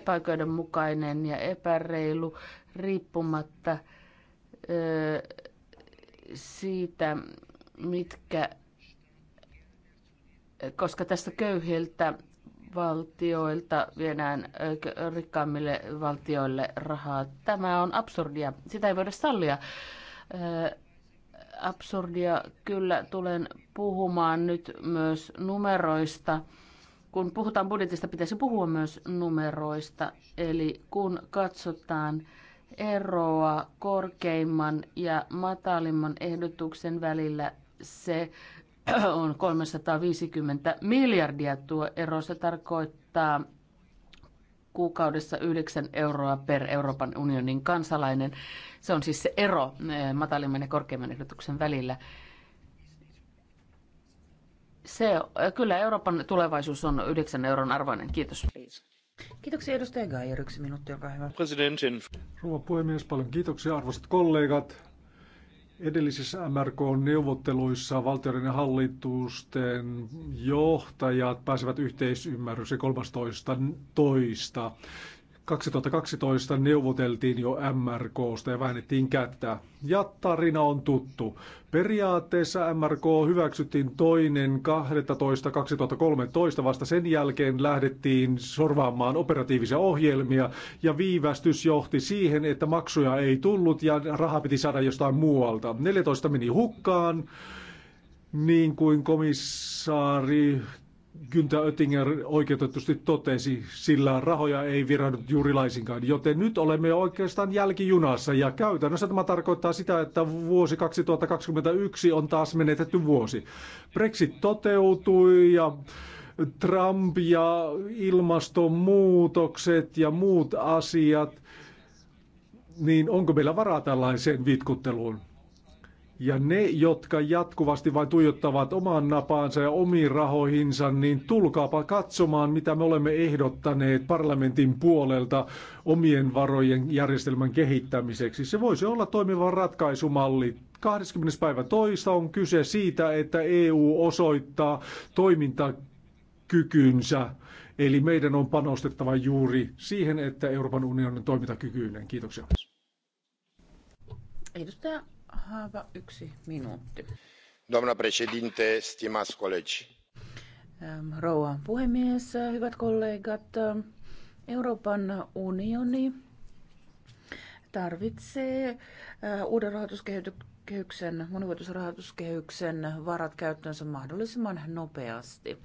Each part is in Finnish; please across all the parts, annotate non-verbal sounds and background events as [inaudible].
epäoikeudenmukainen ja epäreilu riippumatta ö, siitä, mitkä, koska tästä köyhiltä valtioilta viedään rikkaammille valtioille rahaa. Tämä on absurdia. Sitä ei voida sallia. Absurdia kyllä tulen puhumaan nyt myös numeroista kun puhutaan budjetista, pitäisi puhua myös numeroista. Eli kun katsotaan eroa korkeimman ja matalimman ehdotuksen välillä, se on 350 miljardia. Tuo ero se tarkoittaa kuukaudessa 9 euroa per Euroopan unionin kansalainen. Se on siis se ero eh, matalimman ja korkeimman ehdotuksen välillä. Se, äh, kyllä Euroopan tulevaisuus on 9 euron arvoinen. Kiitos. Kiitoksia edustaja Gaier. Yksi minuutti, olkaa hyvä. Presidentin. Rouva puhemies, paljon kiitoksia arvoisat kollegat. Edellisissä MRK-neuvotteluissa valtioiden ja hallitusten johtajat pääsevät yhteisymmärrykseen 13. toista. 2012 neuvoteltiin jo MRKsta ja vähennettiin kättä. Ja tarina on tuttu. Periaatteessa MRK hyväksyttiin toinen 12.2013 vasta sen jälkeen lähdettiin sorvaamaan operatiivisia ohjelmia ja viivästys johti siihen, että maksuja ei tullut ja raha piti saada jostain muualta. 14 meni hukkaan, niin kuin komissaari Günther Oettinger oikeutetusti totesi, sillä rahoja ei virannut juuri laisinkaan. Joten nyt olemme oikeastaan jälkijunassa ja käytännössä tämä tarkoittaa sitä, että vuosi 2021 on taas menetetty vuosi. Brexit toteutui ja Trump ja ilmastonmuutokset ja muut asiat, niin onko meillä varaa tällaiseen vitkutteluun? Ja ne, jotka jatkuvasti vain tuijottavat omaan napaansa ja omiin rahoihinsa, niin tulkaapa katsomaan, mitä me olemme ehdottaneet parlamentin puolelta omien varojen järjestelmän kehittämiseksi. Se voisi olla toimiva ratkaisumalli. 20. päivä toista on kyse siitä, että EU osoittaa toimintakykynsä. Eli meidän on panostettava juuri siihen, että Euroopan unionin toimintakykyinen. Kiitoksia. Edustaja Haava, yksi minuutti. Doamna președinte, stimați colegi. Ähm, rouva puhemies, hyvät kollegat, ähm, Euroopan unioni tarvitsee äh, uuden rahoituskehyksen, monivuotisrahoituskehyksen varat käyttöönsä mahdollisimman nopeasti.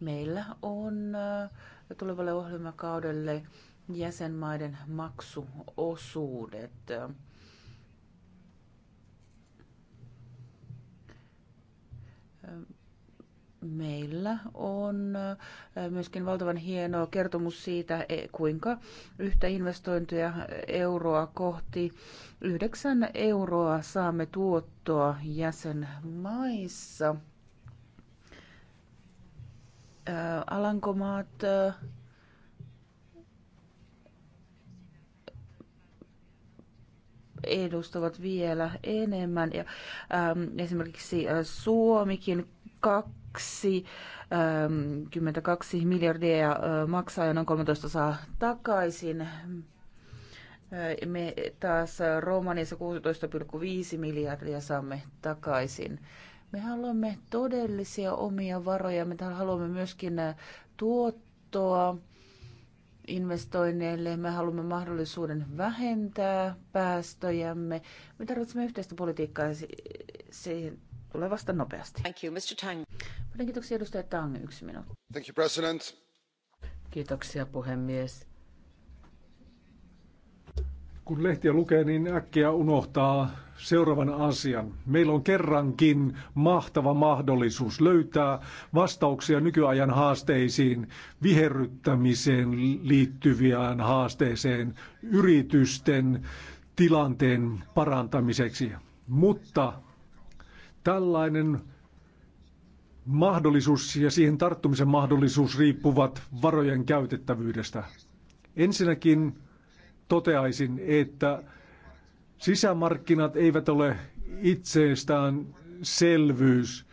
Meillä on äh, tulevalle ohjelmakaudelle jäsenmaiden maksuosuudet. meillä on äh, myöskin valtavan hieno kertomus siitä, e, kuinka yhtä investointia euroa kohti yhdeksän euroa saamme tuottoa jäsenmaissa. Äh, Alankomaat äh, edustavat vielä enemmän. Ja, ähm, esimerkiksi Suomikin 22 ähm, miljardia ja maksaa ja noin 13 saa takaisin. Me taas Romaniassa 16,5 miljardia saamme takaisin. Me haluamme todellisia omia varoja. Me haluamme myöskin tuottoa investoinneille. Me haluamme mahdollisuuden vähentää päästöjämme. Me tarvitsemme yhteistä politiikkaa siihen tulee vasta nopeasti. Thank you, Mr. Tang. Paljon kiitoksia edustaja Tang, yksi minuutti. Thank you, President. Kiitoksia puhemies. Kun lehtiä lukee, niin äkkiä unohtaa seuraavan asian. Meillä on kerrankin mahtava mahdollisuus löytää vastauksia nykyajan haasteisiin, viherryttämiseen liittyviään haasteeseen, yritysten tilanteen parantamiseksi. Mutta Tällainen mahdollisuus ja siihen tarttumisen mahdollisuus riippuvat varojen käytettävyydestä. Ensinnäkin toteaisin, että sisämarkkinat eivät ole itseestään selvyys.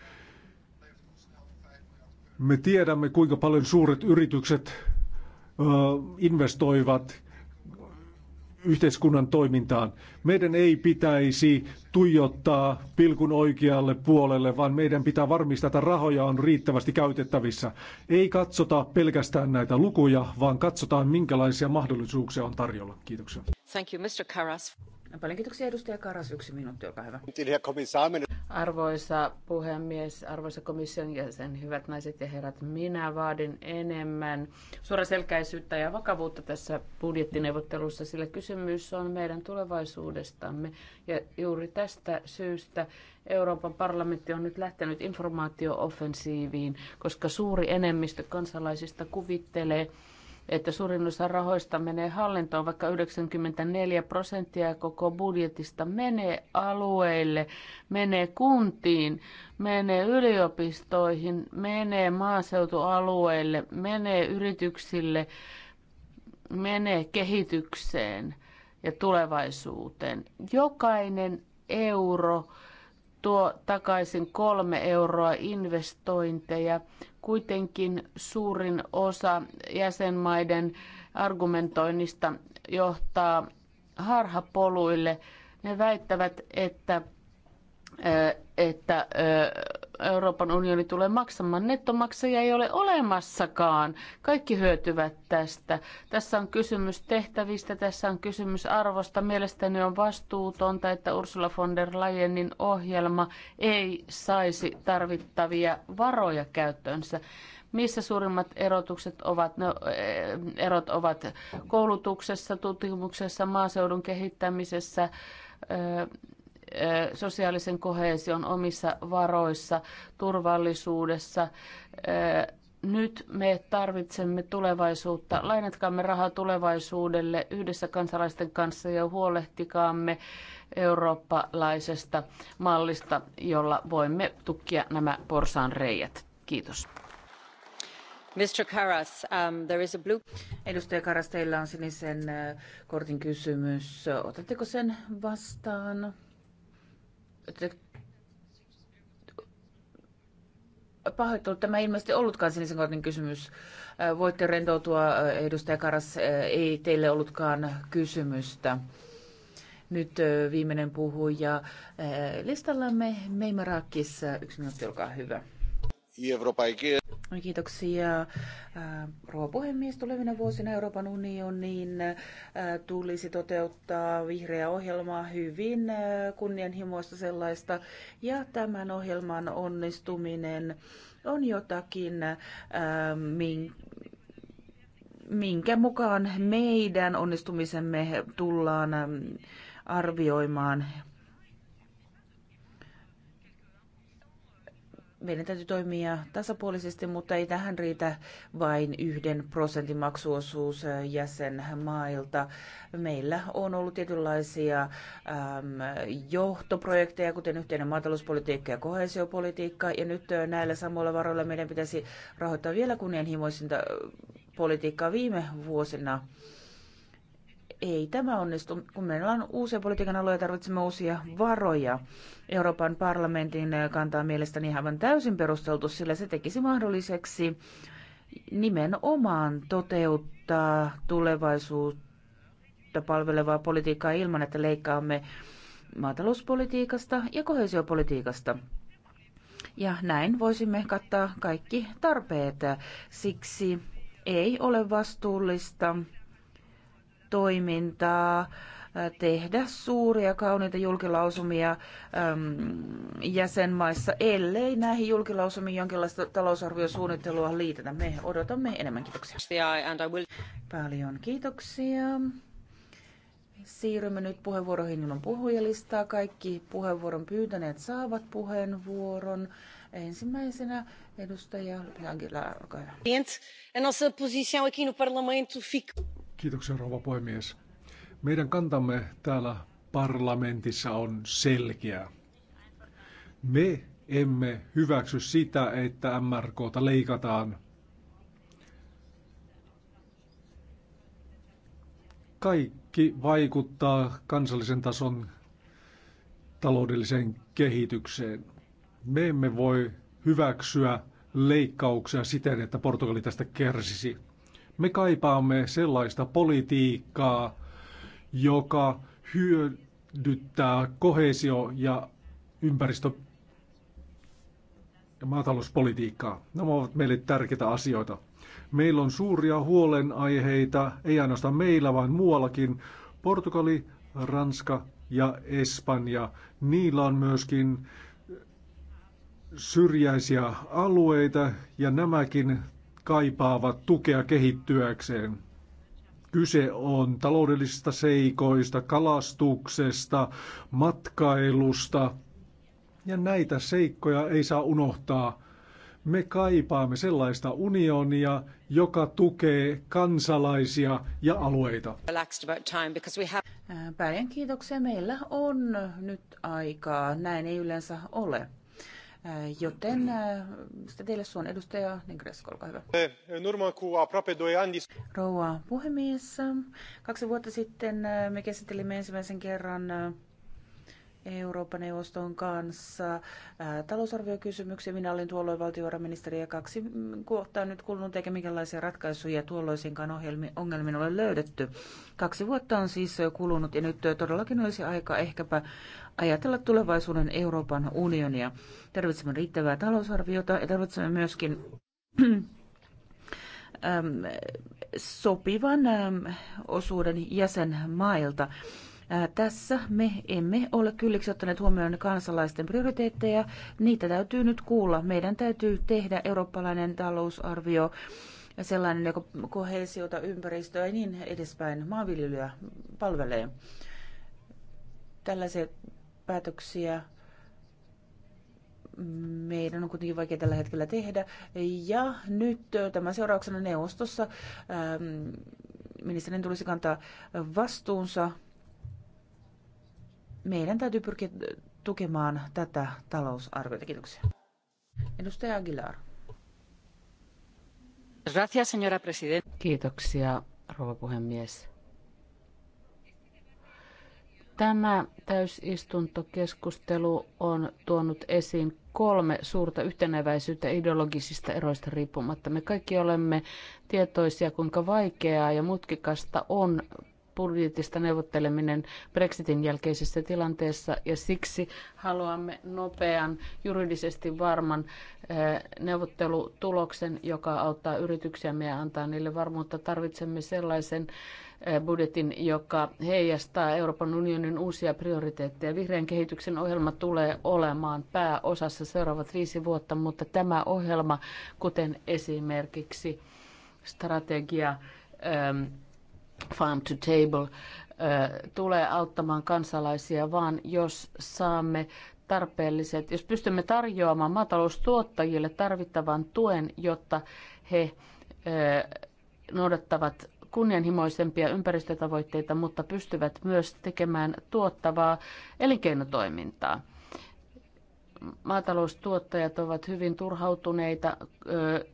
Me tiedämme, kuinka paljon suuret yritykset investoivat yhteiskunnan toimintaan. Meidän ei pitäisi tuijottaa pilkun oikealle puolelle, vaan meidän pitää varmistaa, että rahoja on riittävästi käytettävissä. Ei katsota pelkästään näitä lukuja, vaan katsotaan, minkälaisia mahdollisuuksia on tarjolla. Kiitoksia. Thank you, Mr. Karas. Paljon kiitoksia edustaja Karas. Yksi minuutti, olkaa hyvä. Arvoisa puhemies, arvoisa komission jäsen, hyvät naiset ja herrat, minä vaadin enemmän suoraselkäisyyttä ja vakavuutta tässä budjettineuvottelussa, sillä kysymys on meidän tulevaisuudestamme. Ja juuri tästä syystä Euroopan parlamentti on nyt lähtenyt informaatiooffensiiviin, koska suuri enemmistö kansalaisista kuvittelee, että suurin osa rahoista menee hallintoon, vaikka 94 prosenttia koko budjetista menee alueille, menee kuntiin, menee yliopistoihin, menee maaseutualueille, menee yrityksille, menee kehitykseen ja tulevaisuuteen. Jokainen euro tuo takaisin kolme euroa investointeja. Kuitenkin suurin osa jäsenmaiden argumentoinnista johtaa harhapoluille. Ne väittävät, että, että Euroopan unioni tulee maksamaan. Nettomaksajia ei ole olemassakaan. Kaikki hyötyvät tästä. Tässä on kysymys tehtävistä, tässä on kysymys arvosta. Mielestäni on vastuutonta, että Ursula von der Leyenin ohjelma ei saisi tarvittavia varoja käyttöönsä missä suurimmat erotukset ovat, no, eh, erot ovat koulutuksessa, tutkimuksessa, maaseudun kehittämisessä, eh, sosiaalisen kohesion omissa varoissa, turvallisuudessa. Nyt me tarvitsemme tulevaisuutta. Lainatkaamme rahaa tulevaisuudelle yhdessä kansalaisten kanssa ja huolehtikaamme eurooppalaisesta mallista, jolla voimme tukkia nämä porsaan reijät. Kiitos. Mr. Karas, um, there is a blue... Edustaja Karas, teillä on sinisen kortin kysymys. Otatteko sen vastaan? pahoittelut, tämä ei ilmeisesti ollut sinisen kortin kysymys. Voitte rentoutua, edustaja Karas, ei teille ollutkaan kysymystä. Nyt viimeinen puhuja listallamme Meimarakissa. Yksi minuutti, olkaa hyvä. Niin kiitoksia. Äh, rouva puhemies, tulevina vuosina Euroopan unionin äh, tulisi toteuttaa vihreä ohjelma hyvin äh, kunnianhimoista sellaista. Ja tämän ohjelman onnistuminen on jotakin, minkä mukaan meidän onnistumisemme tullaan ähm, arvioimaan meidän täytyy toimia tasapuolisesti, mutta ei tähän riitä vain yhden prosentin maksuosuus äh, jäsenmailta. Meillä on ollut tietynlaisia äm, johtoprojekteja, kuten yhteinen maatalouspolitiikka ja kohesiopolitiikka, ja nyt äh, näillä samoilla varoilla meidän pitäisi rahoittaa vielä kunnianhimoisinta äh, politiikkaa viime vuosina ei tämä onnistu. Kun meillä on uusia politiikan aloja, tarvitsemme uusia varoja. Euroopan parlamentin kantaa mielestäni aivan täysin perusteltu, sillä se tekisi mahdolliseksi nimenomaan toteuttaa tulevaisuutta palvelevaa politiikkaa ilman, että leikkaamme maatalouspolitiikasta ja kohesiopolitiikasta. Ja näin voisimme kattaa kaikki tarpeet. Siksi ei ole vastuullista toimintaa äh, tehdä suuria kauniita julkilausumia äm, jäsenmaissa, ellei näihin julkilausumiin jonkinlaista talousarviosuunnittelua liitetä. Me odotamme enemmän kiitoksia. Paljon kiitoksia. Siirrymme nyt puheenvuoroihin ilman puhujalistaa. Kaikki puheenvuoron pyytäneet saavat puheenvuoron. Ensimmäisenä edustaja Aguilar, olkaa hyvä. Kiitoksia rouva puhemies. Meidän kantamme täällä parlamentissa on selkeä. Me emme hyväksy sitä, että MRKta leikataan. Kaikki vaikuttaa kansallisen tason taloudelliseen kehitykseen. Me emme voi hyväksyä leikkauksia siten, että Portugali tästä kärsisi. Me kaipaamme sellaista politiikkaa, joka hyödyttää kohesio- ja ympäristö- ja maatalouspolitiikkaa. Nämä ovat meille tärkeitä asioita. Meillä on suuria huolenaiheita, ei ainoastaan meillä, vaan muuallakin. Portugali, Ranska ja Espanja. Niillä on myöskin syrjäisiä alueita ja nämäkin kaipaavat tukea kehittyäkseen. Kyse on taloudellisista seikoista, kalastuksesta, matkailusta. Ja näitä seikkoja ei saa unohtaa. Me kaipaamme sellaista unionia, joka tukee kansalaisia ja alueita. Päivän kiitoksia. Meillä on nyt aikaa. Näin ei yleensä ole. Joten äh, sitä teille suon edustaja Negresko, olkaa hyvä. Rouva puhemies, kaksi vuotta sitten äh, me käsittelimme ensimmäisen kerran äh, Euroopan neuvoston kanssa talousarviokysymyksiä. Minä olin tuolloin valtiovarainministeri ja kaksi kohtaa nyt kulunut, eikä minkälaisia ratkaisuja tuolloisinkaan ongelmiin ole löydetty. Kaksi vuotta on siis kulunut ja nyt todellakin olisi aika ehkäpä ajatella tulevaisuuden Euroopan unionia. Tarvitsemme riittävää talousarviota ja tarvitsemme myöskin [clears throat] sopivan osuuden jäsenmailta. Tässä me emme ole kylliksi ottaneet huomioon kansalaisten prioriteetteja. Niitä täytyy nyt kuulla. Meidän täytyy tehdä eurooppalainen talousarvio sellainen, joka kohesiota, ympäristöä ja niin edespäin maanviljelyä palvelee. Tällaisia päätöksiä meidän on kuitenkin vaikea tällä hetkellä tehdä. Ja nyt tämän seurauksena neuvostossa ministerin tulisi kantaa vastuunsa meidän täytyy pyrkiä tukemaan tätä talousarviota. Kiitoksia. Edustaja Aguilar. Gracias, señora presidenta. Kiitoksia, rouva puhemies. Tämä täysistuntokeskustelu on tuonut esiin kolme suurta yhtenäväisyyttä ideologisista eroista riippumatta. Me kaikki olemme tietoisia, kuinka vaikeaa ja mutkikasta on budjetista neuvotteleminen Brexitin jälkeisessä tilanteessa ja siksi haluamme nopean, juridisesti varman eh, neuvottelutuloksen, joka auttaa yrityksiämme ja antaa niille varmuutta. Tarvitsemme sellaisen eh, budjetin, joka heijastaa Euroopan unionin uusia prioriteetteja. Vihreän kehityksen ohjelma tulee olemaan pääosassa seuraavat viisi vuotta, mutta tämä ohjelma, kuten esimerkiksi strategia, farm to table tulee auttamaan kansalaisia, vaan jos saamme tarpeelliset, jos pystymme tarjoamaan maataloustuottajille tarvittavan tuen, jotta he noudattavat kunnianhimoisempia ympäristötavoitteita, mutta pystyvät myös tekemään tuottavaa elinkeinotoimintaa maataloustuottajat ovat hyvin turhautuneita,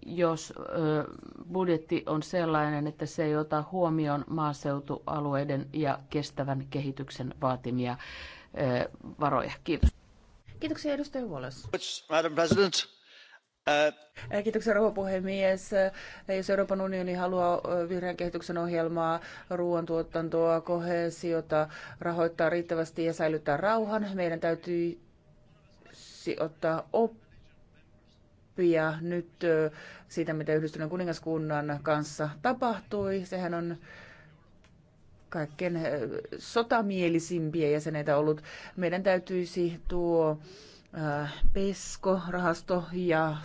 jos budjetti on sellainen, että se ei ota huomioon maaseutualueiden ja kestävän kehityksen vaatimia varoja. Kiitos. Kiitoksia edustaja Wallace. President. Uh, kiitoksia rouva puhemies. Jos Euroopan unioni haluaa vihreän kehityksen ohjelmaa, ruoantuotantoa, kohesiota, rahoittaa riittävästi ja säilyttää rauhan, meidän täytyy tietysti ottaa oppia nyt siitä, mitä Yhdistyneen kuningaskunnan kanssa tapahtui. Sehän on kaikkein sotamielisimpiä jäseneitä ollut. Meidän täytyisi tuo pesko, rahasto ja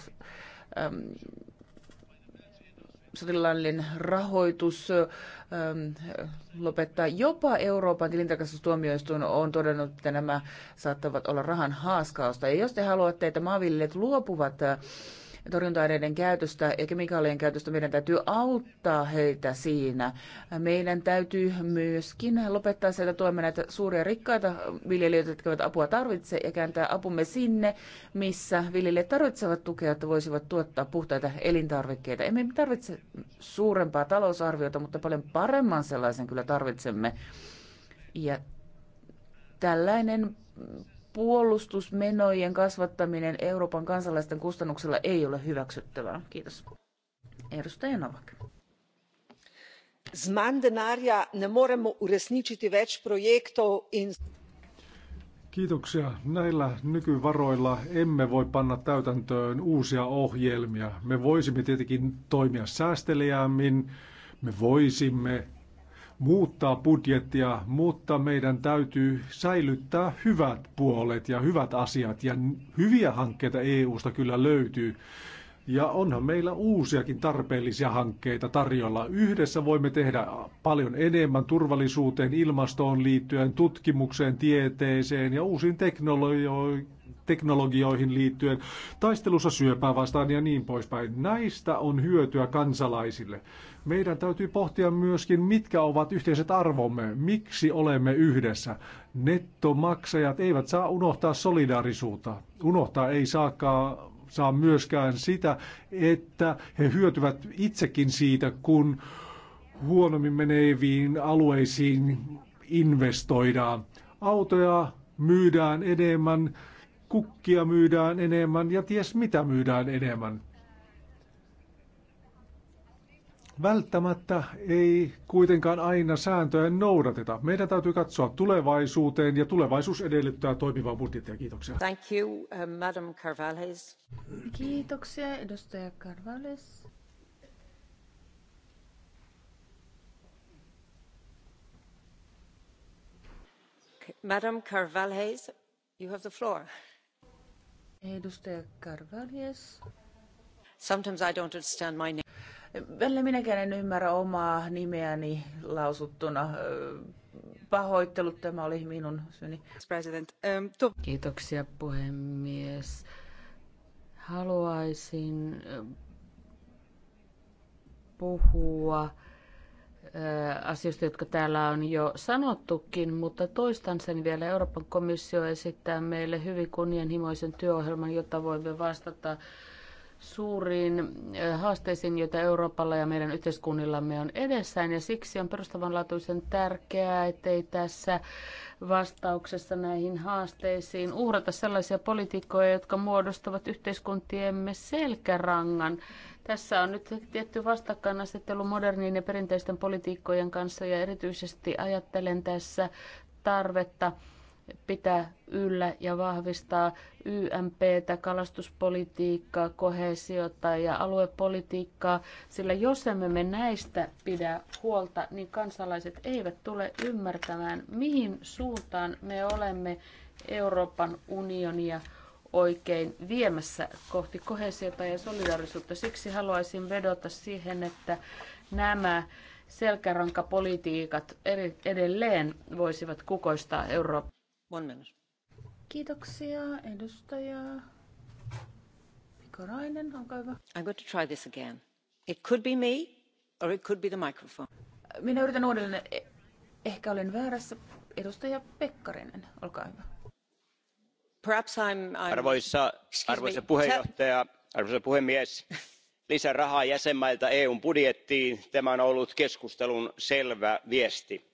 sotilaallinen rahoitus ähm, lopettaa. Jopa Euroopan tilintarkastustuomioistuin on todennut, että nämä saattavat olla rahan haaskausta. Ja jos te haluatte, että maanviljelijät luopuvat äh, torjunta-aineiden käytöstä ja kemikaalien käytöstä, meidän täytyy auttaa heitä siinä. Meidän täytyy myöskin lopettaa sieltä tuemme näitä suuria rikkaita viljelijöitä, jotka ovat apua tarvitse, ja kääntää apumme sinne, missä viljelijät tarvitsevat tukea, että voisivat tuottaa puhtaita elintarvikkeita. Emme tarvitse suurempaa talousarviota, mutta paljon paremman sellaisen kyllä tarvitsemme. Ja tällainen puolustusmenojen kasvattaminen Euroopan kansalaisten kustannuksella ei ole hyväksyttävää. Kiitos. Edustaja Novak. Z ne moremo uresničiti več projektov in... Kiitoksia. Näillä nykyvaroilla emme voi panna täytäntöön uusia ohjelmia. Me voisimme tietenkin toimia säästeliäämmin, me voisimme muuttaa budjettia, mutta meidän täytyy säilyttää hyvät puolet ja hyvät asiat. Ja hyviä hankkeita EUsta kyllä löytyy. Ja onhan meillä uusiakin tarpeellisia hankkeita tarjolla. Yhdessä voimme tehdä paljon enemmän turvallisuuteen, ilmastoon liittyen, tutkimukseen, tieteeseen ja uusiin teknologioihin liittyen, taistelussa syöpää vastaan ja niin poispäin. Näistä on hyötyä kansalaisille. Meidän täytyy pohtia myöskin, mitkä ovat yhteiset arvomme, miksi olemme yhdessä. Nettomaksajat eivät saa unohtaa solidaarisuutta. Unohtaa ei saakaan saa myöskään sitä, että he hyötyvät itsekin siitä, kun huonommin meneviin alueisiin investoidaan. Autoja myydään enemmän, kukkia myydään enemmän ja ties mitä myydään enemmän. Välttämättä ei kuitenkaan aina sääntöjä noudateta. Meidän täytyy katsoa tulevaisuuteen ja tulevaisuus edellyttää toimivaa budjettia. Kiitoksia. Thank you, uh, Madam Carvalhes. Kiitoksia, edustaja Carvalhes. Madam Carvalhes, you have the floor. Edustaja Carvalhes. Sometimes I don't understand my name Välillä minäkään en ymmärrä omaa nimeäni lausuttuna. Pahoittelut, tämä oli minun syni. President, um, to... Kiitoksia puhemies. Haluaisin um, puhua uh, asioista, jotka täällä on jo sanottukin, mutta toistan sen vielä. Euroopan komissio esittää meille hyvin kunnianhimoisen työohjelman, jotta voimme vastata suuriin haasteisiin, joita Euroopalla ja meidän yhteiskunnillamme on edessään. Ja siksi on perustavanlaatuisen tärkeää, ettei tässä vastauksessa näihin haasteisiin uhrata sellaisia politiikkoja, jotka muodostavat yhteiskuntiemme selkärangan. Tässä on nyt tietty vastakkainasettelu modernin ja perinteisten politiikkojen kanssa ja erityisesti ajattelen tässä tarvetta pitää yllä ja vahvistaa YMPtä, kalastuspolitiikkaa, kohesiota ja aluepolitiikkaa, sillä jos emme me näistä pidä huolta, niin kansalaiset eivät tule ymmärtämään, mihin suuntaan me olemme Euroopan unionia oikein viemässä kohti kohesiota ja solidaarisuutta. Siksi haluaisin vedota siihen, että nämä selkärankapolitiikat edelleen voisivat kukoistaa Eurooppaa. One minute. Kiitoksia, edustaja Pikarainen, olkaa hyvä. I'm going to try this again. It could be me or it could be the microphone. Minä yritän uudelleen. E, ehkä olen väärässä. Edustaja Pekkarinen, olkaa hyvä. Perhaps I'm, I'm... Arvoisa, arvoisa, puheenjohtaja, arvoisa puhemies, [laughs] lisärahaa jäsenmailta EUn budjettiin. Tämä on ollut keskustelun selvä viesti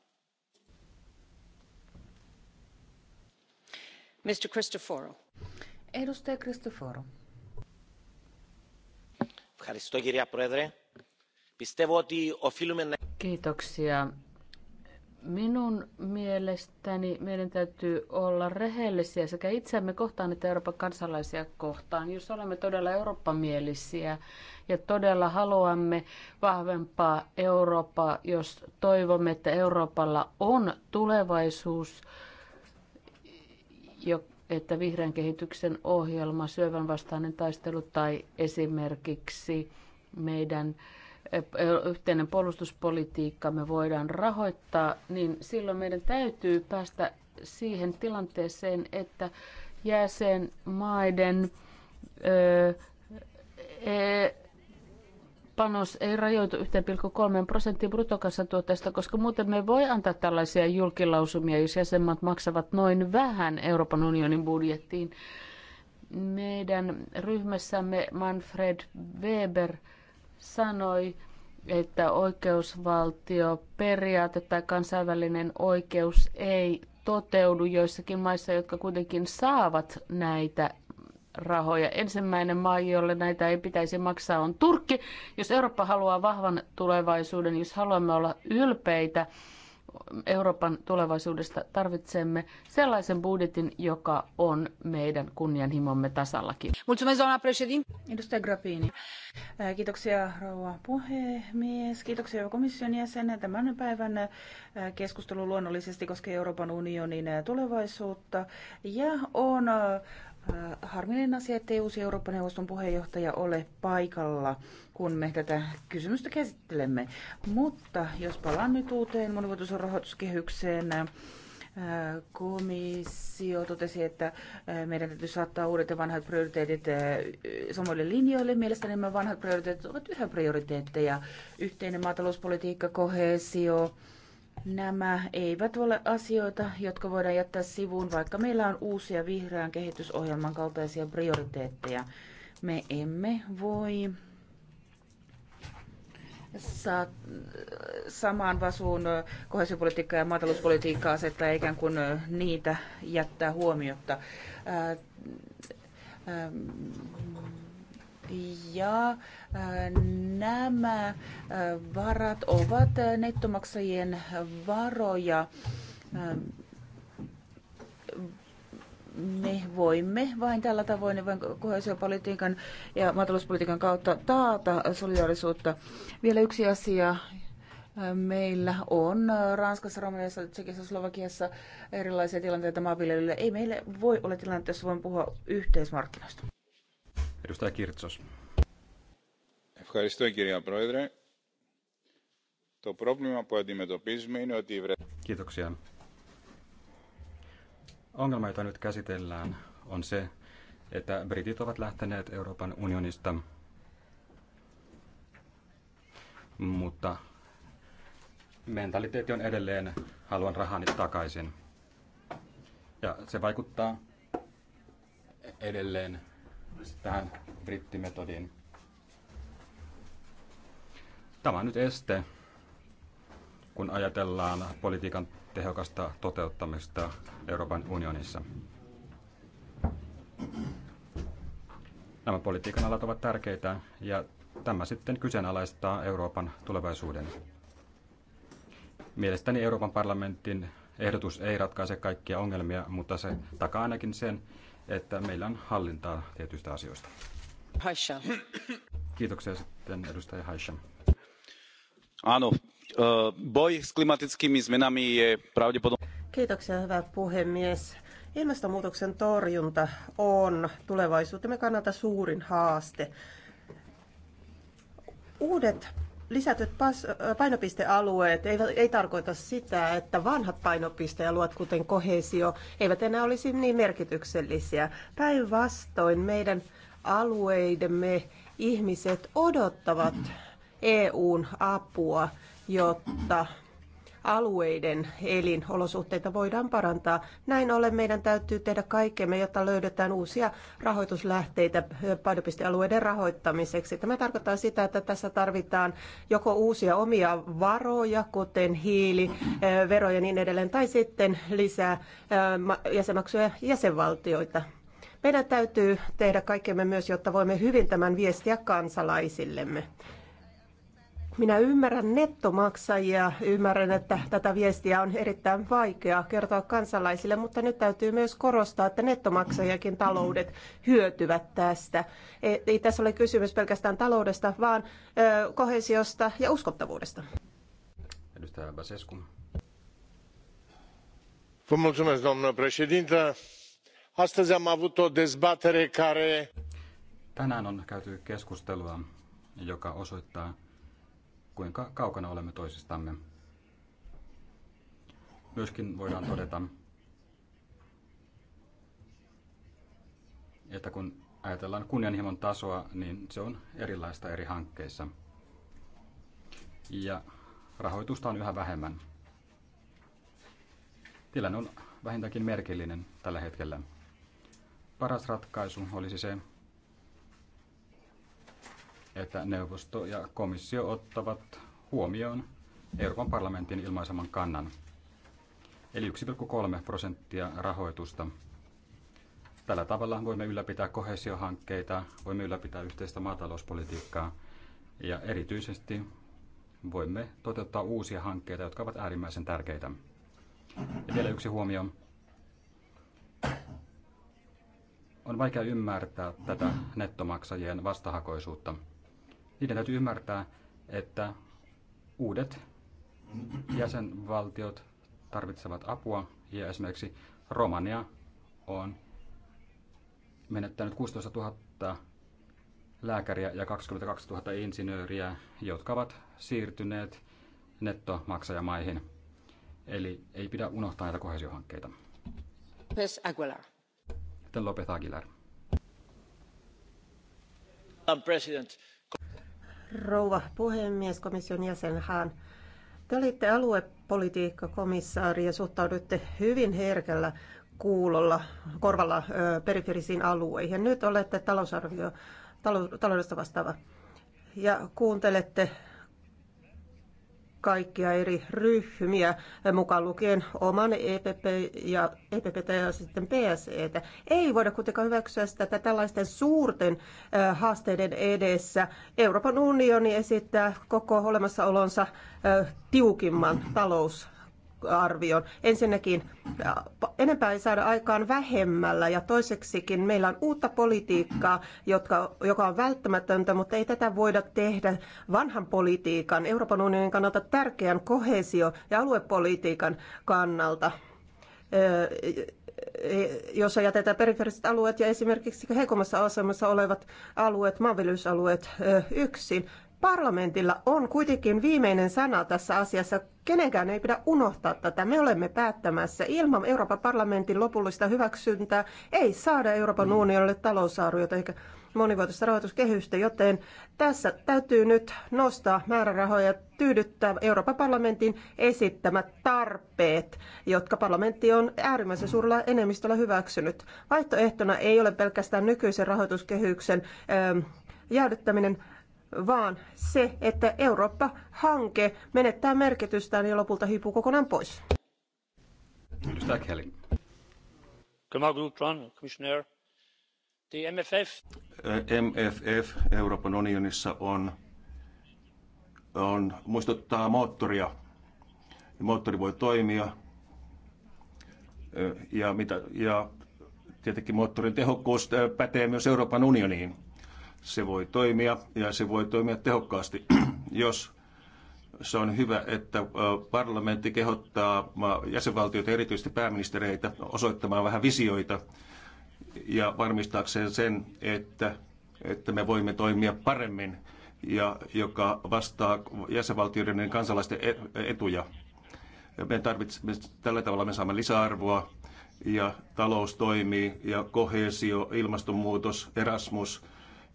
arvoisa puhemies Kiitoksia. Minun mielestäni meidän täytyy olla rehellisiä sekä itseämme kohtaan että Euroopan kansalaisia kohtaan. Jos olemme todella eurooppamielisiä ja todella haluamme vahvempaa Eurooppaa, jos toivomme, että Euroopalla on tulevaisuus, että vihreän kehityksen ohjelma, syövän vastainen taistelu tai esimerkiksi meidän eh, yhteinen puolustuspolitiikka me voidaan rahoittaa, niin silloin meidän täytyy päästä siihen tilanteeseen, että jäsenmaiden ö, eh, eh, panos ei rajoitu 1,3 prosenttiin bruttokansantuotteesta, koska muuten me voi antaa tällaisia julkilausumia, jos jäsenmaat maksavat noin vähän Euroopan unionin budjettiin. Meidän ryhmässämme Manfred Weber sanoi, että periaate tai kansainvälinen oikeus ei toteudu joissakin maissa, jotka kuitenkin saavat näitä rahoja. Ensimmäinen maa, jolle näitä ei pitäisi maksaa, on Turkki. Jos Eurooppa haluaa vahvan tulevaisuuden, jos haluamme olla ylpeitä Euroopan tulevaisuudesta, tarvitsemme sellaisen budjetin, joka on meidän kunnianhimomme tasallakin. Edustaja Grappini. Kiitoksia rouva puhemies. Kiitoksia komission jäsen. Tämän päivän keskustelu luonnollisesti koskee Euroopan unionin tulevaisuutta ja on Äh, Harminen asia, ettei uusi Euroopan neuvoston puheenjohtaja ole paikalla, kun me tätä kysymystä käsittelemme. Mutta jos palaan nyt uuteen monivuotoisen rahoituskehykseen, äh, komissio totesi, että äh, meidän täytyy saattaa uudet ja vanhat prioriteetit samoille linjoille. Mielestäni nämä vanhat prioriteetit ovat yhä prioriteetteja. Yhteinen maatalouspolitiikka, kohesio, Nämä eivät ole asioita, jotka voidaan jättää sivuun, vaikka meillä on uusia vihreän kehitysohjelman kaltaisia prioriteetteja. Me emme voi saa samaan vasuun kohesiopolitiikkaa ja maatalouspolitiikkaa asettaa ikään kuin niitä jättää huomiotta. Ää, ää, ja äh, nämä äh, varat ovat äh, nettomaksajien varoja. Me voimme vain tällä tavoin vain kohesiopolitiikan ja maatalouspolitiikan kautta taata solidaarisuutta. Vielä yksi asia, Meillä on Ranskassa, Romaniassa, Tsekissä, Slovakiassa erilaisia tilanteita maanviljelijöille. Ei meille voi olla tilanteessa, jossa voimme puhua yhteismarkkinoista. Edustaja Kirtsos. Ευχαριστώ κυρία Πρόεδρε. Το πρόβλημα που αντιμετωπίζουμε είναι ότι η Kiitoksia. Ongelma, jota nyt käsitellään, on se, että britit ovat lähteneet Euroopan unionista, mutta mentaliteetti on edelleen haluan rahani takaisin. Ja se vaikuttaa edelleen tähän brittimetodiin. Tämä on nyt este, kun ajatellaan politiikan tehokasta toteuttamista Euroopan unionissa. Nämä politiikan alat ovat tärkeitä ja tämä sitten kyseenalaistaa Euroopan tulevaisuuden. Mielestäni Euroopan parlamentin ehdotus ei ratkaise kaikkia ongelmia, mutta se takaa ainakin sen, että meillä on hallintaa tietyistä asioista. Haisha. Kiitoksia sitten edustaja Haisham. Ano, e, boj s klimatickými zmenami je pravdepodobně... Kiitoksia, hyvä puhemies. Ilmastonmuutoksen torjunta on tulevaisuutemme kannalta suurin haaste. Uudet lisätyt painopistealueet eivät, ei tarkoita sitä, että vanhat painopistealueet, kuten kohesio, eivät enää olisi niin merkityksellisiä. Päinvastoin meidän alueidemme ihmiset odottavat EUn apua, jotta alueiden elinolosuhteita voidaan parantaa. Näin ollen meidän täytyy tehdä kaikkemme, jotta löydetään uusia rahoituslähteitä painopistealueiden rahoittamiseksi. Tämä tarkoittaa sitä, että tässä tarvitaan joko uusia omia varoja, kuten hiili, eh, veroja ja niin edelleen, tai sitten lisää eh, jäsenmaksuja jäsenvaltioita. Meidän täytyy tehdä kaikkemme myös, jotta voimme hyvin tämän viestiä kansalaisillemme. Minä ymmärrän nettomaksajia, ymmärrän, että tätä viestiä on erittäin vaikea kertoa kansalaisille, mutta nyt täytyy myös korostaa, että nettomaksajakin taloudet hyötyvät tästä. Ei, ei tässä ole kysymys pelkästään taloudesta, vaan ö, kohesiosta ja uskottavuudesta. Edustaja Basescu. mulțumesc, doamnă președintă. Astăzi am avut o dezbatere care... Tänään on käyty keskustelua, joka osoittaa, kuinka kaukana olemme toisistamme. Myöskin voidaan todeta, että kun ajatellaan kunnianhimon tasoa, niin se on erilaista eri hankkeissa. Ja rahoitusta on yhä vähemmän. Tilanne on vähintäänkin merkillinen tällä hetkellä. Paras ratkaisu olisi se, että neuvosto ja komissio ottavat huomioon Euroopan parlamentin ilmaiseman kannan. Eli 1,3 prosenttia rahoitusta. Tällä tavalla voimme ylläpitää kohesiohankkeita, voimme ylläpitää yhteistä maatalouspolitiikkaa ja erityisesti voimme toteuttaa uusia hankkeita, jotka ovat äärimmäisen tärkeitä. Ja vielä yksi huomio. On vaikea ymmärtää tätä nettomaksajien vastahakoisuutta – niiden täytyy ymmärtää, että uudet jäsenvaltiot tarvitsevat apua ja esimerkiksi Romania on menettänyt 16 000 lääkäriä ja 22 000 insinööriä, jotka ovat siirtyneet nettomaksajamaihin. Eli ei pidä unohtaa näitä kohesiohankkeita. López Aguilar. Sitten López Aguilar. President rouva puhemies, komission jäsen Hahn. Te olitte aluepolitiikkakomissaari ja suhtaudutte hyvin herkällä kuulolla, korvalla periferisiin alueihin. Ja nyt olette talousarvio, talou, taloudesta vastaava ja kuuntelette kaikkia eri ryhmiä, mukaan lukien oman EPP ja, EPP ja sitten PSEtä. Ei voida kuitenkaan hyväksyä sitä, että tällaisten suurten äh, haasteiden edessä Euroopan unioni esittää koko olemassaolonsa äh, tiukimman talous arvioon. Ensinnäkin äh, enempää ei saada aikaan vähemmällä ja toiseksikin meillä on uutta politiikkaa, jotka, joka on välttämätöntä, mutta ei tätä voida tehdä vanhan politiikan, Euroopan unionin kannalta tärkeän kohesio- ja aluepolitiikan kannalta äh, e, jos jätetään periferiset alueet ja esimerkiksi heikommassa asemassa olevat alueet, maanviljelysalueet äh, yksin, parlamentilla on kuitenkin viimeinen sana tässä asiassa. Kenenkään ei pidä unohtaa tätä. Me olemme päättämässä. Ilman Euroopan parlamentin lopullista hyväksyntää ei saada Euroopan mm. unionille talousarviota eikä monivuotista rahoituskehystä, joten tässä täytyy nyt nostaa määrärahoja ja tyydyttää Euroopan parlamentin esittämät tarpeet, jotka parlamentti on äärimmäisen suurella enemmistöllä hyväksynyt. Vaihtoehtona ei ole pelkästään nykyisen rahoituskehyksen ähm, jäädyttäminen, vaan se, että Eurooppa-hanke menettää merkitystään ja lopulta hiipuu kokonaan pois. Edustaja MFF Euroopan unionissa on, on muistuttaa moottoria. Moottori voi toimia ja, mitä, ja tietenkin moottorin tehokkuus pätee myös Euroopan unioniin se voi toimia ja se voi toimia tehokkaasti, [clears throat] jos se on hyvä, että parlamentti kehottaa jäsenvaltioita, erityisesti pääministereitä, osoittamaan vähän visioita ja varmistaakseen sen, että, että me voimme toimia paremmin ja joka vastaa jäsenvaltioiden ja kansalaisten e-, etuja. Me tarvitsemme, tällä tavalla me saamme lisäarvoa ja talous toimii ja kohesio, ilmastonmuutos, Erasmus,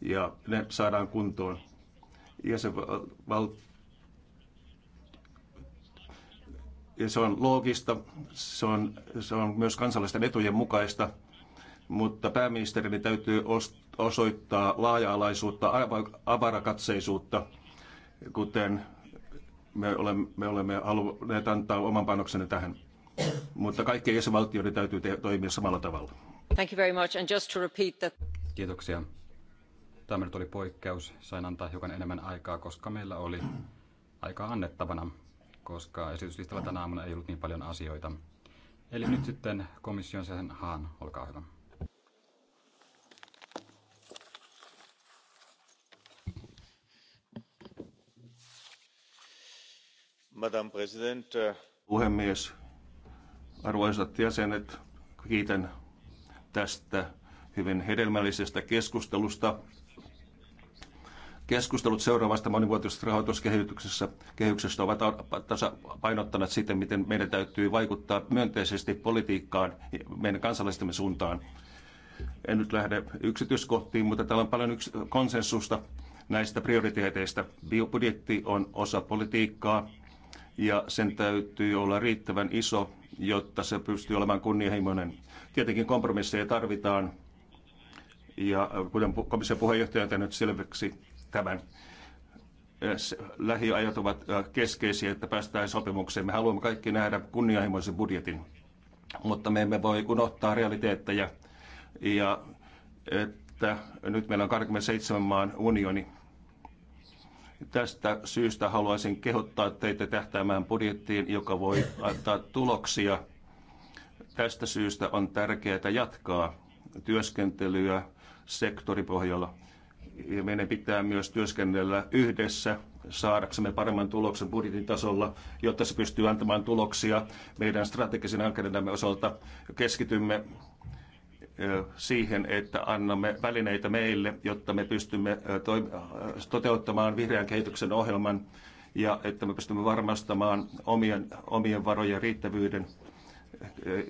ja ne saadaan kuntoon. Ja se, val, ja se on loogista, se on, se on myös kansallisten etujen mukaista, mutta pääministerini täytyy osoittaa laaja-alaisuutta, avarakatseisuutta, kuten me olemme, me olemme halunneet antaa oman panoksenne tähän. Mutta kaikkien jäsenvaltioiden täytyy te- toimia samalla tavalla. Thank you very much. And just to repeat that... Kiitoksia. Tämä nyt oli poikkeus, sain antaa hiukan enemmän aikaa, koska meillä oli aikaa annettavana, koska esityslistalla tänä aamuna ei ollut niin paljon asioita. Eli nyt sitten komission sen Haan, olkaa hyvä. Madame President. Uh, Puhemies, arvoisat jäsenet, kiitän tästä hyvin hedelmällisestä keskustelusta Keskustelut seuraavasta monivuotisesta rahoituskehityksestä ovat painottaneet sitä, miten meidän täytyy vaikuttaa myönteisesti politiikkaan meidän kansallistamme suuntaan. En nyt lähde yksityiskohtiin, mutta täällä on paljon yks- konsensusta näistä prioriteeteista. Biobudjetti on osa politiikkaa ja sen täytyy olla riittävän iso, jotta se pystyy olemaan kunnianhimoinen. Tietenkin kompromisseja tarvitaan, ja kuten komission puheenjohtaja on tehnyt selväksi, tämän lähiajat ovat keskeisiä, että päästään sopimukseen. Me haluamme kaikki nähdä kunnianhimoisen budjetin, mutta me emme voi unohtaa realiteetteja. Ja että nyt meillä on 27 maan unioni. Tästä syystä haluaisin kehottaa teitä tähtäämään budjettiin, joka voi antaa tuloksia. Tästä syystä on tärkeää jatkaa työskentelyä sektoripohjalla ja meidän pitää myös työskennellä yhdessä saadaksemme paremman tuloksen budjetin tasolla, jotta se pystyy antamaan tuloksia meidän strategisen hankintamme osalta. Keskitymme siihen, että annamme välineitä meille, jotta me pystymme toteuttamaan vihreän kehityksen ohjelman ja että me pystymme varmistamaan omien, omien varojen riittävyyden.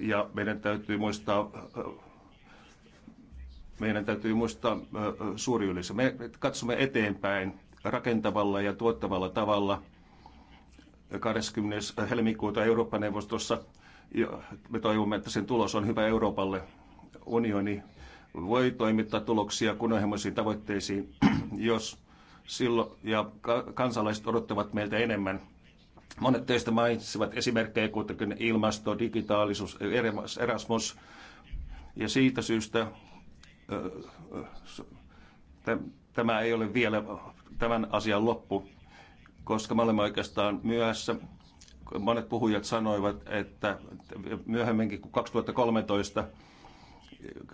Ja meidän täytyy muistaa meidän täytyy muistaa suuri yleisö. Me katsomme eteenpäin rakentavalla ja tuottavalla tavalla. 20. helmikuuta Eurooppa-neuvostossa me toivomme, että sen tulos on hyvä Euroopalle. Unioni voi toimittaa tuloksia kunnianhimoisiin tavoitteisiin, [clears throat] jos silloin ja kansalaiset odottavat meiltä enemmän. Monet teistä mainitsivat esimerkkejä, kuten ilmasto, digitaalisuus, Erasmus, ja siitä syystä tämä ei ole vielä tämän asian loppu, koska me olemme oikeastaan myöhässä. Monet puhujat sanoivat, että myöhemminkin kuin 2013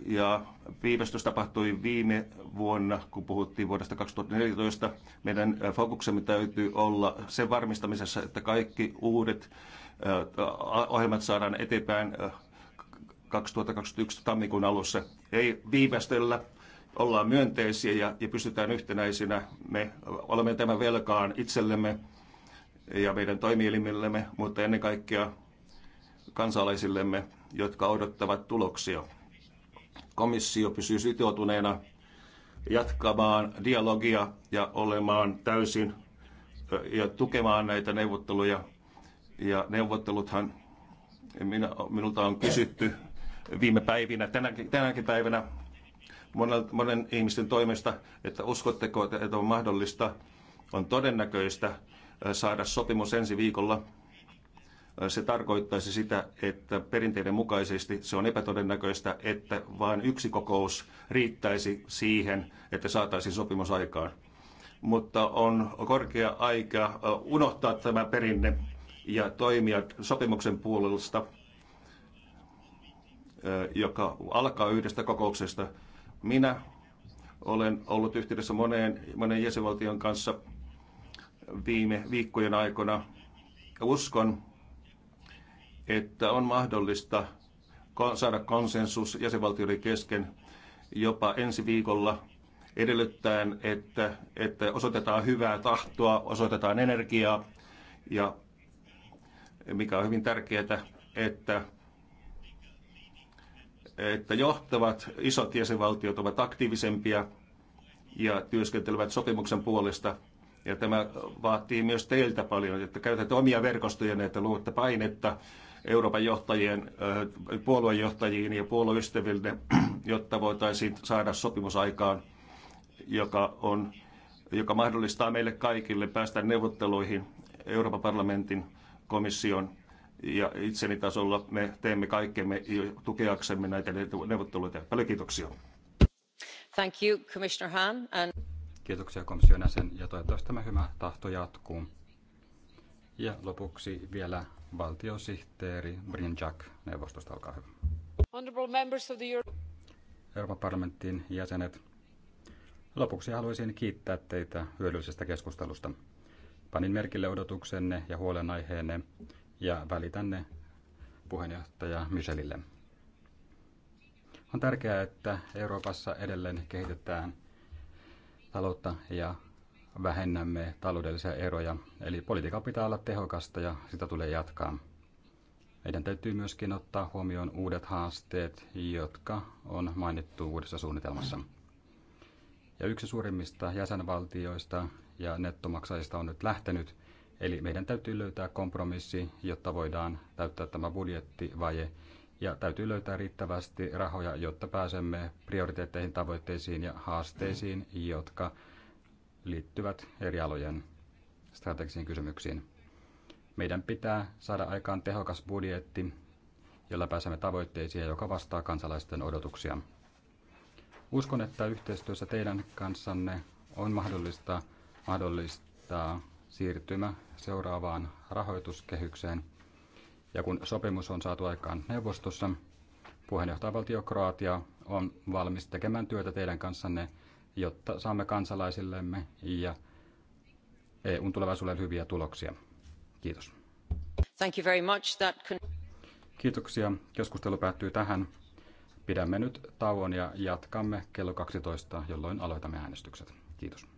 ja viivästys tapahtui viime vuonna, kun puhuttiin vuodesta 2014. Meidän fokuksemme täytyy olla sen varmistamisessa, että kaikki uudet ohjelmat saadaan eteenpäin 2021 tammikuun alussa. Ei viivästellä, ollaan myönteisiä ja, ja pystytään yhtenäisinä. Me olemme tämän velkaan itsellemme ja meidän toimielimillemme, mutta ennen kaikkea kansalaisillemme, jotka odottavat tuloksia. Komissio pysyy sitoutuneena jatkamaan dialogia ja olemaan täysin ja tukemaan näitä neuvotteluja. Ja neuvotteluthan minä, minulta on kysytty viime päivinä, tänäkin, tänäkin päivänä monen, monen ihmisten toimesta, että uskotteko, että on mahdollista, on todennäköistä äh, saada sopimus ensi viikolla. Äh, se tarkoittaisi sitä, että perinteiden mukaisesti se on epätodennäköistä, että vain yksi kokous riittäisi siihen, että saataisiin sopimus aikaan. Mutta on korkea aika äh, unohtaa tämä perinne ja toimia sopimuksen puolesta – joka alkaa yhdestä kokouksesta. Minä olen ollut yhteydessä moneen, moneen jäsenvaltion kanssa viime viikkojen aikana. Uskon, että on mahdollista saada konsensus jäsenvaltioiden kesken jopa ensi viikolla edellyttäen, että, että osoitetaan hyvää tahtoa, osoitetaan energiaa ja mikä on hyvin tärkeää, että että johtavat isot jäsenvaltiot ovat aktiivisempia ja työskentelevät sopimuksen puolesta. Ja tämä vaatii myös teiltä paljon, että käytätte omia verkostoja, että luotte painetta Euroopan johtajien, puoluejohtajiin ja puolueystäville, [clears throat] jotta voitaisiin saada sopimus aikaan, joka, on, joka mahdollistaa meille kaikille päästä neuvotteluihin Euroopan parlamentin komission ja itseni tasolla me teemme kaikkemme tukeaksemme näitä neuvotteluita. Paljon kiitoksia. Thank you, Commissioner Hahn. And... Kiitoksia komission jäsen ja toivottavasti tämä hyvä tahto jatkuu. Ja lopuksi vielä valtiosihteeri Brin Jack neuvostosta, olkaa hyvä. Euroopan parlamentin jäsenet, lopuksi haluaisin kiittää teitä hyödyllisestä keskustelusta. Panin merkille odotuksenne ja huolenaiheenne ja välitän ne puheenjohtaja Michelille. On tärkeää, että Euroopassa edelleen kehitetään taloutta ja vähennämme taloudellisia eroja. Eli politiikka pitää olla tehokasta ja sitä tulee jatkaa. Meidän täytyy myöskin ottaa huomioon uudet haasteet, jotka on mainittu uudessa suunnitelmassa. Ja yksi suurimmista jäsenvaltioista ja nettomaksajista on nyt lähtenyt, Eli meidän täytyy löytää kompromissi, jotta voidaan täyttää tämä budjettivaje ja täytyy löytää riittävästi rahoja, jotta pääsemme prioriteetteihin, tavoitteisiin ja haasteisiin, jotka liittyvät eri alojen strategisiin kysymyksiin. Meidän pitää saada aikaan tehokas budjetti, jolla pääsemme tavoitteisiin, joka vastaa kansalaisten odotuksia. Uskon, että yhteistyössä teidän kanssanne on mahdollista mahdollistaa siirtymä seuraavaan rahoituskehykseen. Ja kun sopimus on saatu aikaan neuvostossa, puheenjohtajavaltio Kroatia on valmis tekemään työtä teidän kanssanne, jotta saamme kansalaisillemme ja EUn tulevaisuudelle hyviä tuloksia. Kiitos. Thank you very much. That can... Kiitoksia. Keskustelu päättyy tähän. Pidämme nyt tauon ja jatkamme kello 12, jolloin aloitamme äänestykset. Kiitos.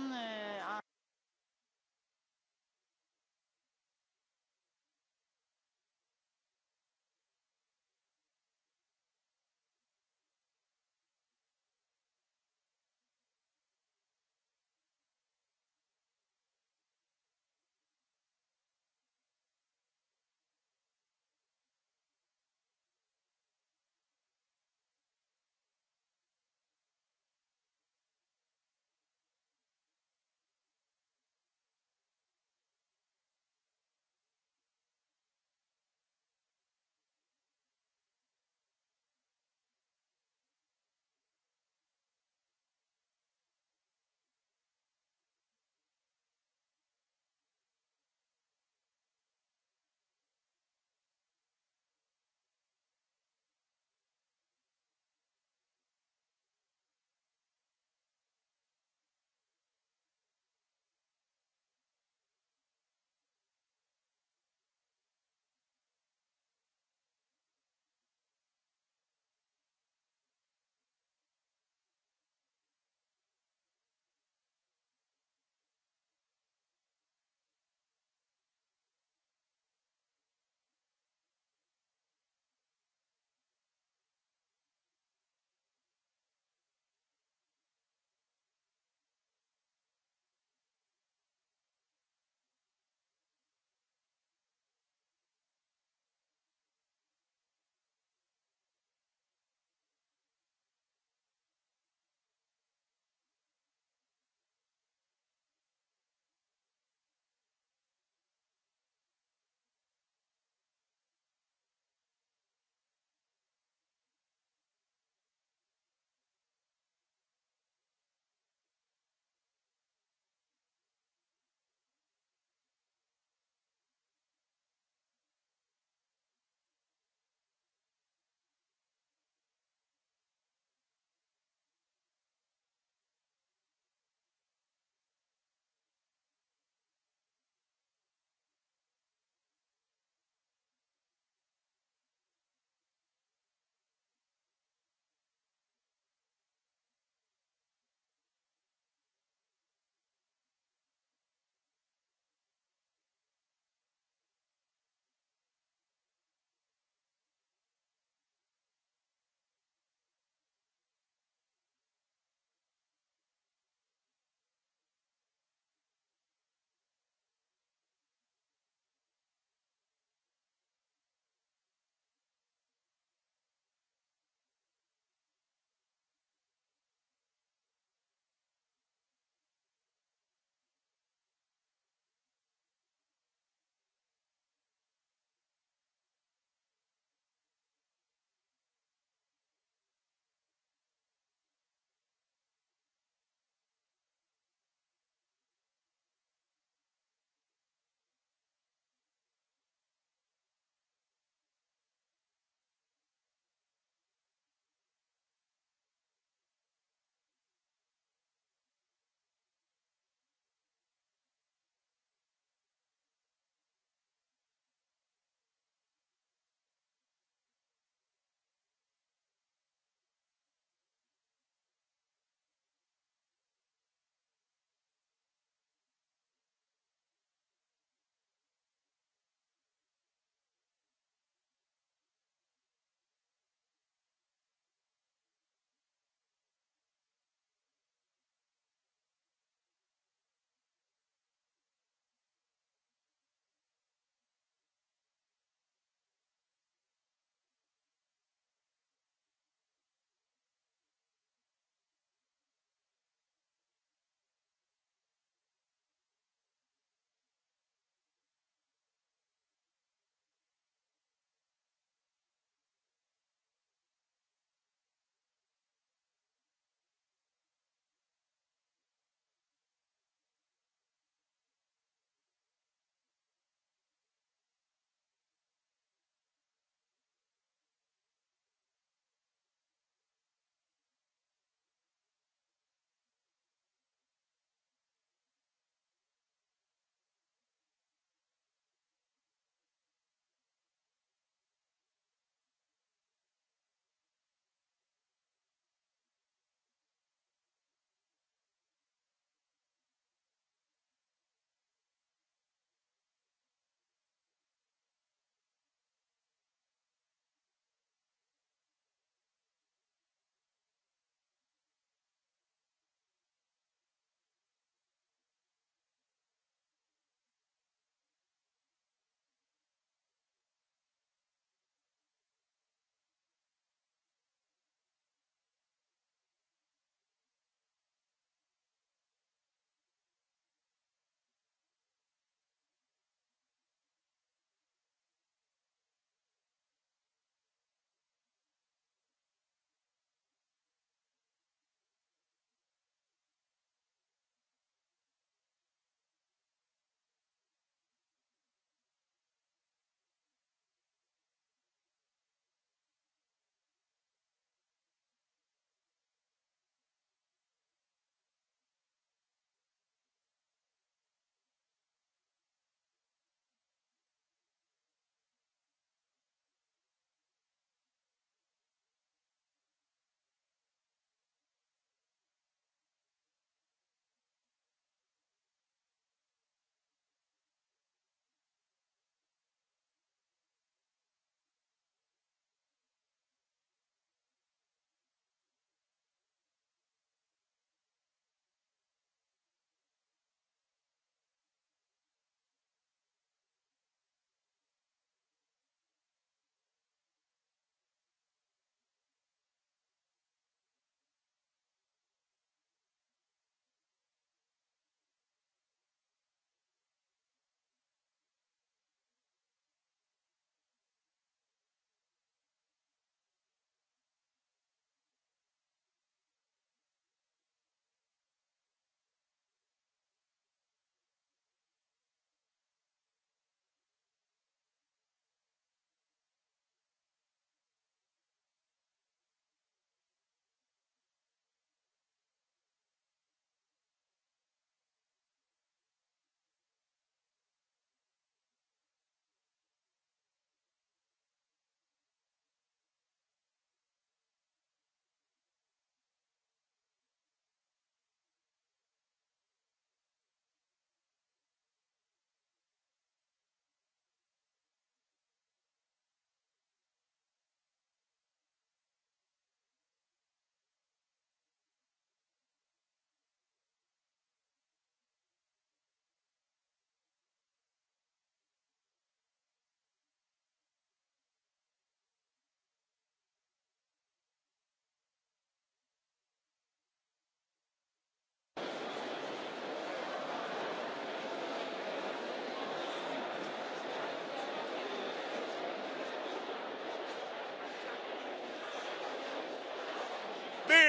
talman!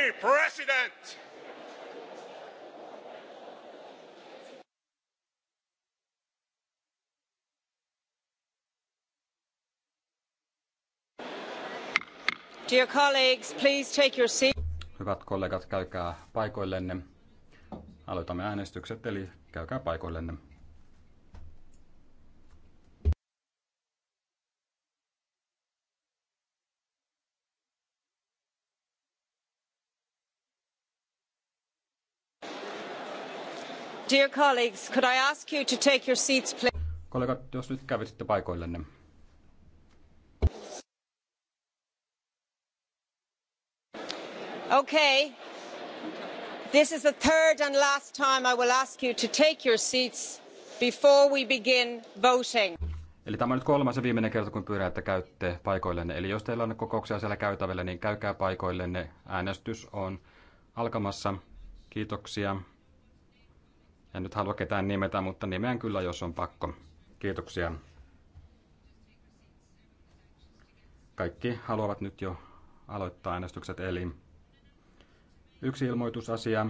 President! Dear colleagues, please take your seat. Hyvät kollegat, käykää paikoillenne. Aloitamme äänestykset, eli käykää paikoillenne. colleagues, could I ask you to take your seats, please? Kollegat, jos nyt kävisitte paikoillenne. Okay. This is the third and last time I will ask you to take your seats before we begin voting. Eli tämä on nyt kolmas ja viimeinen kerta, kun pyydän, että käytte paikoillenne. Eli jos teillä on kokouksia siellä käytävillä, niin käykää paikoillenne. Äänestys on alkamassa. Kiitoksia. En nyt halua ketään nimetä, mutta nimeän kyllä, jos on pakko. Kiitoksia. Kaikki haluavat nyt jo aloittaa äänestykset, eli yksi ilmoitusasia.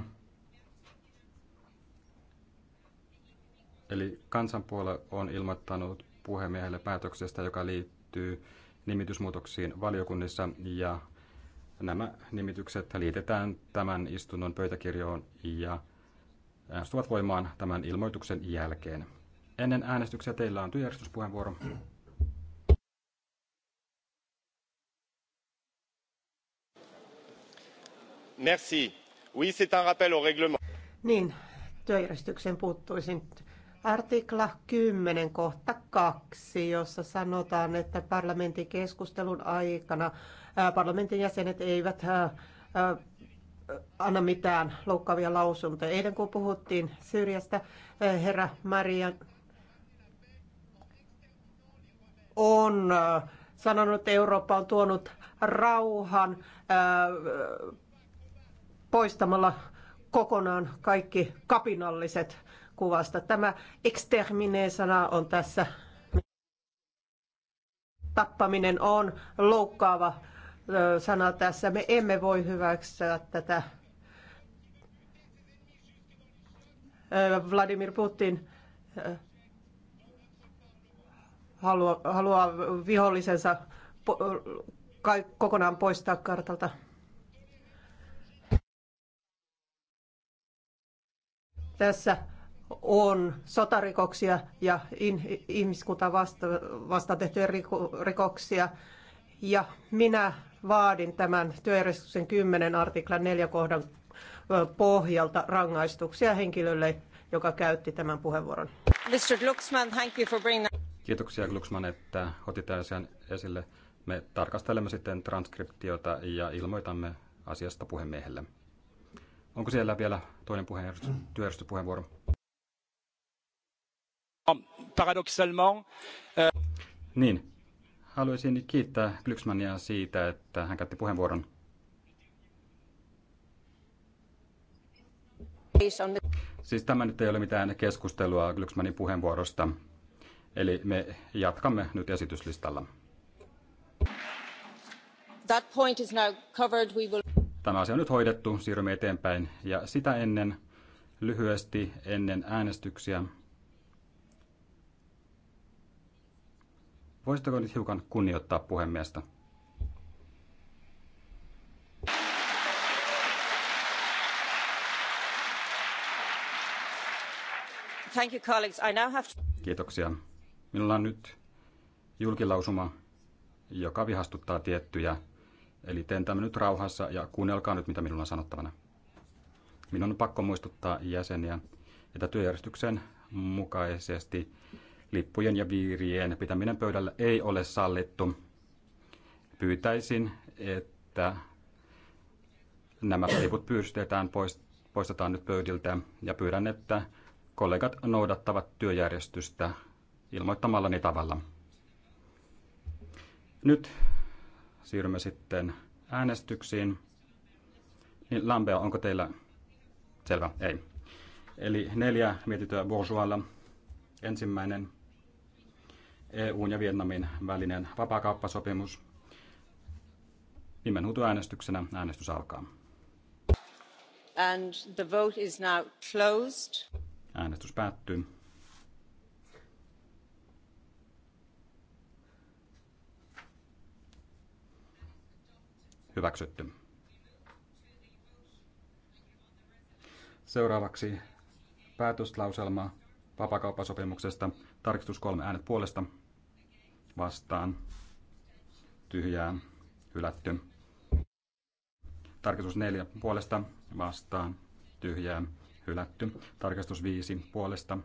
Eli kansanpuolue on ilmoittanut puhemiehelle päätöksestä, joka liittyy nimitysmuutoksiin valiokunnissa ja nämä nimitykset liitetään tämän istunnon pöytäkirjoon ja astuvat voimaan tämän ilmoituksen jälkeen. Ennen äänestyksiä teillä on työjärjestyspuheenvuoro. Merci. Oui, c'est un rappel au règlement. Niin, työjärjestykseen puuttuisin. Artikla 10 kohta 2, jossa sanotaan, että parlamentin keskustelun aikana parlamentin jäsenet eivät anna mitään loukkaavia lausuntoja. Eilen kun puhuttiin Syyriasta, eh, herra Maria on eh, sanonut, että Eurooppa on tuonut rauhan eh, poistamalla kokonaan kaikki kapinalliset kuvasta. Tämä extermine-sana on tässä. Tappaminen on loukkaava sana tässä. Me emme voi hyväksyä tätä Vladimir Putin haluaa, haluaa vihollisensa kokonaan poistaa kartalta. Tässä on sotarikoksia ja in, ihmiskunta vasta, vasta tehtyjä riko, rikoksia. Ja minä vaadin tämän työjärjestyksen 10 artiklan 4 kohdan pohjalta rangaistuksia henkilölle, joka käytti tämän puheenvuoron. Mr. Luxman, thank you for bringing... Kiitoksia Luxman, että otit asian esille. Me tarkastelemme sitten transkriptiota ja ilmoitamme asiasta puhemiehelle. Onko siellä vielä toinen työjärjestyspuheenvuoro? Paradoxalement. Euh- niin, Haluaisin kiittää Glyksmania siitä, että hän käytti puheenvuoron. Siis tämä nyt ei ole mitään keskustelua Glyksmanin puheenvuorosta. Eli me jatkamme nyt esityslistalla. That point is now covered. We will... Tämä asia on nyt hoidettu, siirrymme eteenpäin. Ja sitä ennen, lyhyesti ennen äänestyksiä, Voisitteko nyt hiukan kunnioittaa puhemiestä? Thank you, colleagues. I now have to... Kiitoksia. Minulla on nyt julkilausuma, joka vihastuttaa tiettyjä. Eli teen tämän nyt rauhassa ja kuunnelkaa nyt, mitä minulla on sanottavana. Minun on pakko muistuttaa jäseniä, että työjärjestyksen mukaisesti lippujen ja viirien pitäminen pöydällä ei ole sallittu. Pyytäisin, että nämä liput pyystetään pois, poistetaan nyt pöydiltä ja pyydän, että kollegat noudattavat työjärjestystä ilmoittamallani tavalla. Nyt siirrymme sitten äänestyksiin. Niin Lambea, onko teillä... Selvä, ei. Eli neljä mietityä Bourgeoisilla. Ensimmäinen EUn ja Vietnamin välinen vapaakauppasopimus. Nimenhuutoäänestyksenä äänestys alkaa. And the vote is now closed. Äänestys päättyy. Hyväksytty. Seuraavaksi päätöslauselma vapakauppasopimuksesta. Tarkistus kolme äänet puolesta vastaan tyhjään, hylätty. Tarkistus 4 puolesta vastaan tyhjään, hylätty. Tarkistus 5 puolesta